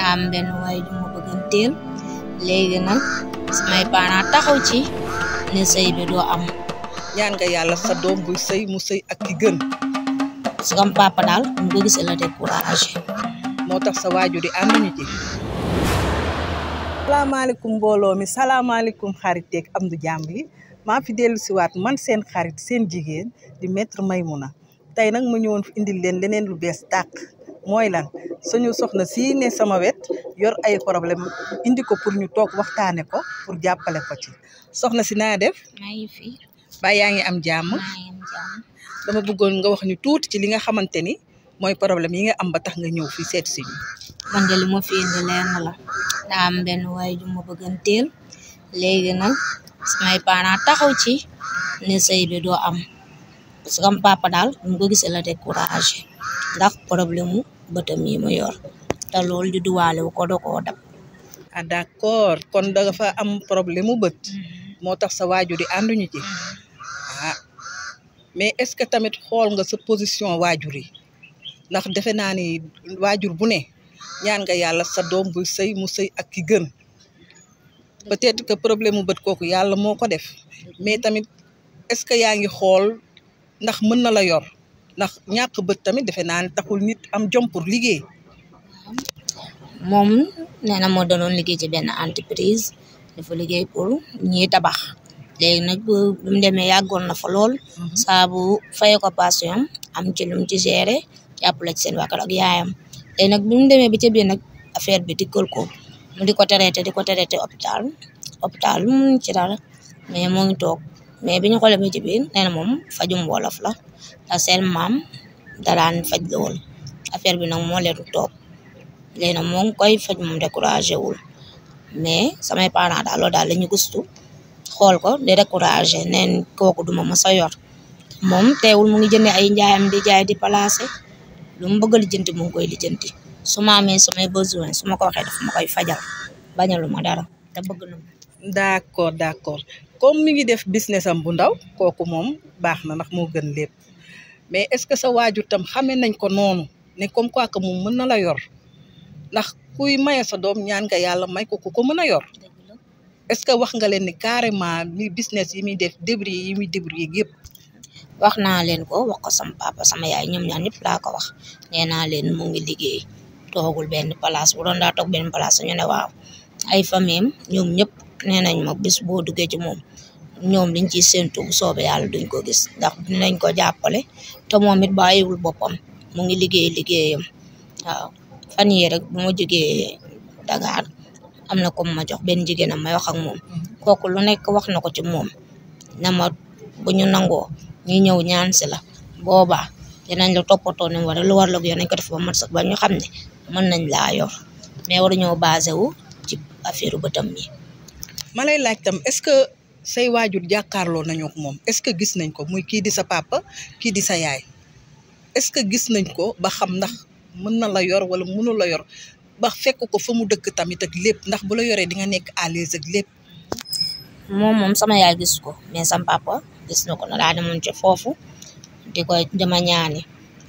am ben way ya ju ma bëggantel légui nak samay parents taxaw ci ne sey bi do am ñaan nga yalla sa doom bu sey mu sey ak ki gën sam papa dal mu ko gis la découragé motax sa waju di am ñu ci alaykum bolo mi alaykum xarit ak amdu jàmm ma fi dellu ci waat man seen xarit seen jigéen di maître maymuna tay nak ma ñëwoon fi indi leen leneen lu tak mooy lan suñu soxna si ne sama wet yor ay problème indi ko pour ñu toog waxtaane ko pour jàppale ko ci soxna si naa def. maa ngi fi. ba yaa ngi am jàmm. dama bëggoon nga wax ñu tuuti ci li nga xamante ni mooy problème yi nga am ba tax nga ñëw fii seet si ñu. man de li ma fi indi leen la daa am benn waay ju ma bëgganteel léegi nag samay parents taxaw ci ne sëy bi doo am. sama papa dal mu ko gisee la découragé ndax problème beutam yi mu yor ta lol ju duwaale ko da koo dab ah d'accord kon fa am problème beut motax mm-hmm. sa waajur yi ci mm-hmm. ah mais est ce que tamit xol nga sa position waajur ri ndax defe naa ni waajur bu ne ñaan nga yalla sa dom bu sey mu sey ak ki gën peut être que problème beut koku yalla moko def mais tamit est ce que yaangi ngi ndax mën na la yor ndax ñak bët tamit defé taxul nit am jom pour liggéey. mom néna na moo danoon liggéey ci ben entreprise dafa liggéey pour ñi tabax léegi nak bu mu démé yagol na fa lool. Mhm. sa bu fayé ko passion am ci lu mu ci gérer la ci seen wàkkal ak yaayam léegi nak bu mu démé bi ci bi nak affaire bi dikol ko mu di ko traité di traité hôpital hôpital mu ci dara mais mo ngi tok mais biñu xolé mi ci biir néna mom faju mbolof la da seen mam da daan faj gëwal affaire bi nak mo leen toog léegi nag moo ngi koy faj mom décourager wul mais samay parents da lo daal lañu gustu xol xool ko di découragé neen kooku duma ma sa yor mom teewul mu ngi jënde ay njaayam di jaay di placer lu mu bëggal lijjanti mu ngi koy lijjanti su ma amee samay besoin suma ko waxé daf ma koy fajal bañaluma dara te bëgg na d'accord d'accord comme mi ngi def businessam bu ndaw kooku moom baax na ndax moo gën lépp mais est-ce que sa waajur tam xamee nañ ko noonu ne comme quoi que moom mën na la yor ndax kuy maye sa doom ñaan nga yàlla may ko ku ko mën a yor est-ce que wax nga leen ni carrément mi business yi muy def débrouiller yi muy débrouiller yëpp. wax naa leen ko wax ko sama papa sama yaay ñoom ñaar ñëpp laa ko wax nee naa leen mu ngi liggéey toogul benn place bu doon daa toog benn place ñu ne waaw ay famille ñoom ñëpp. nee nañ ma bis boo duggee ci moom ñoom liñ ciy séntu bu soobee yàlla duñ ko gis ndax dinañ ko jàppale te moom it bàyyiwul boppam mu ngi liggéey liggéeyam waaw fan yii rek bu ma jógee am na ko ma jox benn jigéenam may wax ak moom kooku lu nekk wax na ko ci moom nama ma bu ñu nangoo ñu ñëw ñaan si la boobaa dinañ la toppatoo ni mu war lu war la nañ ko def ba mat sax ba ñu xam ne mën nañ laa yor mais ñëw basé wu ci affaire bëtam yi malay laaj tam est-ce que say waajur jàkkaarloo nañu ko moom est-ce que gis nañ ko muy kii di sa papa kii di sa yaay est-ce que gis nañ ko ba xam ndax mën na la yor wala mënu la yor ba fekk ko fa mu dëkk tamit ak lépp ndax bu la yoree di nga nekk à l'aise ak lépp. moom moom sama yaay gis ko mais sama papa gis na ko na daa demoon ci foofu di ko dama ñaani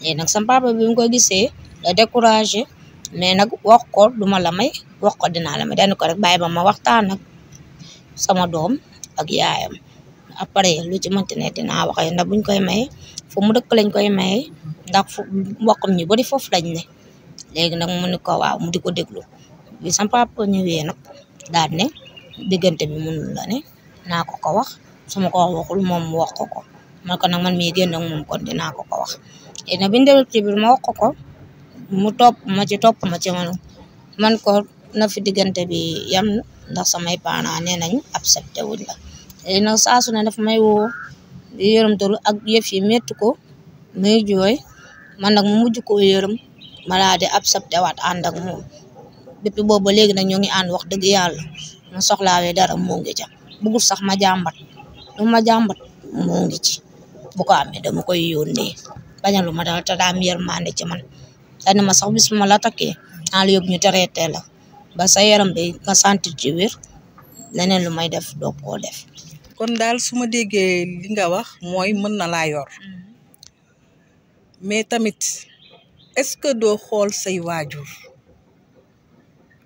léegi nag sama papa bi mu ko gisee la découragé mais nag wax ko duma la may wax ko dinaa la may dañu ko rek bàyyi ba ma waxtaan nag. sama doom ak yaayam après lu ci mënti ne dinaa waxee ndax buñ koy maye fu mu dëkk lañ koy maye ndax fu mbokkam ñi bari foofu lañ ne léegi nag mu ne ko waaw mu di ko déglu bi sama papa ñëwee nag daal ne diggante bi mënul la ne naa ko ko wax su ko wax waxul moom mu wax ko ko ma ko nag man mii génn ak moom kon dinaa ko ko wax léegi nag biñ dellu ci ma wax ko mu topp ma ci topp ma ci man man ko na diggante bi yam ndax samay parents ne nañ accepté wuñ la léegi nag saasu ne dafa may woo di yërëmtalu ak yëf yi métti ko may jooy man nag mu mujj ko yërëm ma daal di accepté waat ànd ak moom depuis boobu ba léegi nag ñoo ngi ànd wax dëgg yàlla mu soxlaawee dara moo ngi ca bëggul sax ma jàmbat lu ma jàmbat moo ngi ci bu ko amee dama koy yónnee bañalu ma dara te daa am yërmande ci man dana ma sax bis ma la takkee naa ñu traité la ba sa yaram bi ka sante ci wir lu may def do ko def kon dal suma dege li nga wax moy mën na la yor mm-hmm. mais tamit est ce do xol say wajur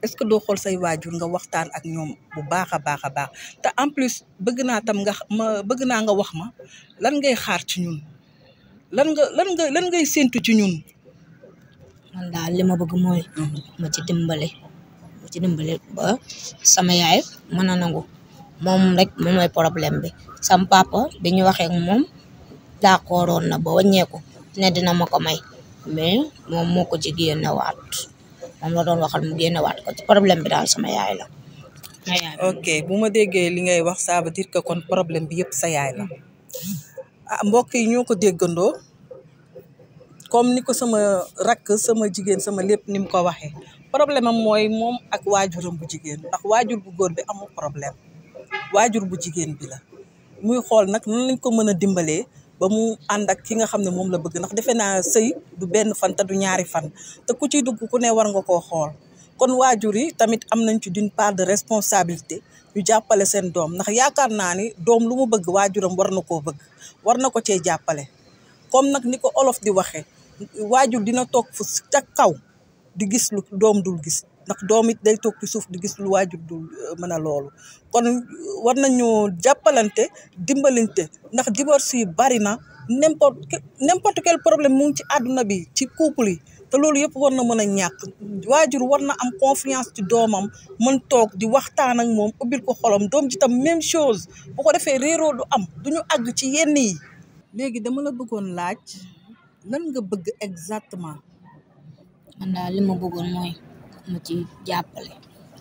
est ce do xol say wajur nga waxtan ak ñom bu baaxa baaxa baax ta en plus bëgg na tam nga ma bëgg na nga wax ma lan ngay xaar ci ñun lan nga lan nga lan ngay sentu ci ñun man lima bëgg moy mm-hmm. ma ci dimbalé ci dimbali ba sama yaay mën a nangu moom rek moom mooy problème bi sam papa bi ñu waxee moom d'accordoon na ba wàññeeku ne dina ma ko may mais moom moo ko ci génnewaat moom la doon waxal mu génnewaat ko ci problème bi daal sama yaay la. ok bu ma déggee li ngay wax ça veut dire que kon problème bi yëpp sa yaay la ah, mbokk yi ñoo ko déggandoo comme ni ko sama rakk sama jigéen sama lépp ni mu ko waxee problème am moy mom ak wajurum bu jigen ndax wajur bu gor bi amu problème wajur bu jigen bi la muy xol nak nan lañ ko mën dimbalé ba mu and ak ki nga xam mom la bëgg ndax du benn fan ta du ñaari fan te ku ci dugg ku ne war nga ko xol kon wajuri yi tamit am nañ ci d'une part de responsabilité ñu jappalé sen dom ndax yaakar na ni dom lu mu bëgg wajuram war nako bëgg war nako ci jappalé comme nak niko olof di waxé wajur dina tok fu ca kaw di gis lu dom dul gis ndax doom it day tok ci suuf di gis lu wajur dul eh, meuna lolu, kon eh, war nañu jappalante dimbalante ndax divorce yi bari na n'importe n'importe quel problème mu ci aduna bi ci couple yi té loolu yépp war na mën ñak wajur war na am confiance ci domam mën tok di waxtaan ak mom ubil ko xolam dom ji tam même chose bu ko défé du am duñu ag ci yenn yi légui dama la bëggon laaj lan nga bëgg exactement man daal li ma bëggoon mooy ma ci jàppale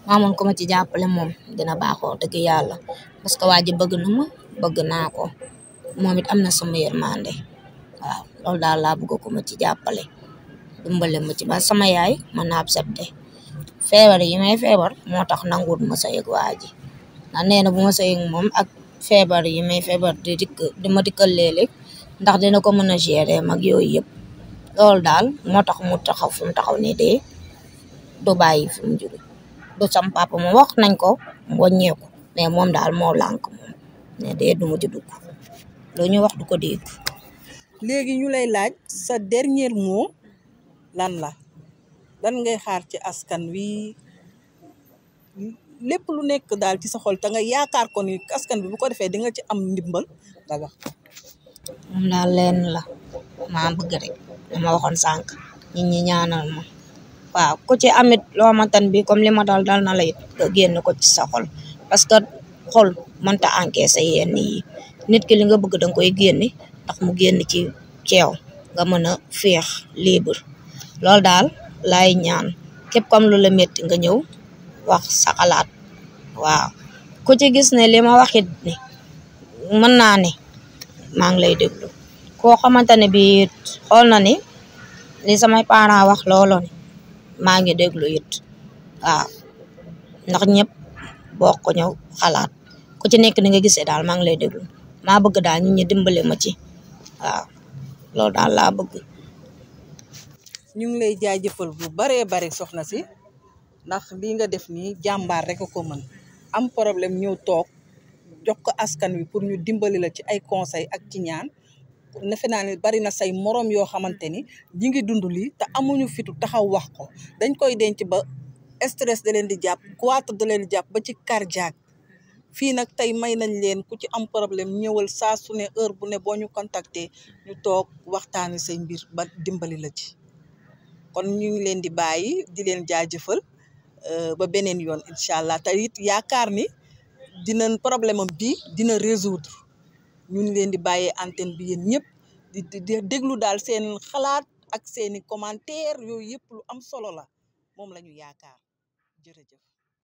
ma ko ku ma ci jàppale moom dina baaxoo dëgg yàlla parce que waa ji bëgg na ma bëgg naa ko moom it am na sama yërmande waaw loolu daal laa bëgg ku ma ci jàppale dimbale ma ci ba sama yaay mën na accepté feebar yi may feebar moo tax nanguwul ma sa yëg waa ji nee na bu ma sa moom ak feebar yi may feebar di dikk di ma dikkal léeg ndax dina ko mën a gérer mag yooyu yëpp lol dal moo tax mu taxaw fu taxaw ni de do bàyyi fu mu do du sam papa mo wax nañ ko wàññeeku mais moom daal mo lànk moom ne de du mu ci dugg lu ñu wax du ko dégg. legi ñu lay laaj sa dernier mot lan la lan ngay xaar ci askan wi lepp lu nekk dal ci sa xol ta nga yaakar ko ni askan bi bu ko defé di nga ci am ndimbal da wax. mom dal len la ma bëgg rek. bu ma waxoon sànq ñi ñi ñaanal ma waaw ku ci amit loo bi comme li ma dal dal na la it nga génn ko ci sa xol parce que xol mënta encaissé yenn yi nit ki li nga bëgg danga koy génne ndax mu génn ci ceew nga mën a féex libre loolu daal laay ñaan képp comme lu metti nga ñëw wax sa waaw ku ci gis ne li ma waxit ni mën naa ne maa ngi lay déglu koo xamante ne bi xool na ni li samay parents wax loolo ni maa ngi déglu it waaw ndax ñépp ñëpp ko ñëw xalaat ku ci nekk ni nga gisee daal maa ngi lay déglu naa bëgg daal nit ñi dimbale ma ci waaw loolu daal laa bëgg ñu ngi lay jaajëfal bu baree bari soxna si ndax lii nga def ni jàmbaar rek a ko mën am problème ñëw toog jox ko askan wi pour ñu dimbali la ci ay conseil ak ci ñaan defe naa ne bari na say moroom yoo xamante ni ñi ngi dund lii te amuñu fitu taxaw wax ko dañ koy denc ba stress da leen di jàpp goitre da leen di jàpp ba ci cardiaque fii nag tey may nañ leen ku ci am problème ñëwal saa su ne heure bu ne boo ñu contacter ñu toog waxtaani say mbir ba dimbali la ci kon ñu ngi leen di bàyyi di leen jaajëfal euh, ba beneen yoon incha allah te it yaakaar ni dina problème am bii dina résoudre ñun leen di bàyyee antenne bi yéen ñëpp di di déglu daal seen xalaat ak seeni commentaire yooyu yëpp lu am solo la moom la ñu yaakaar jërëjëf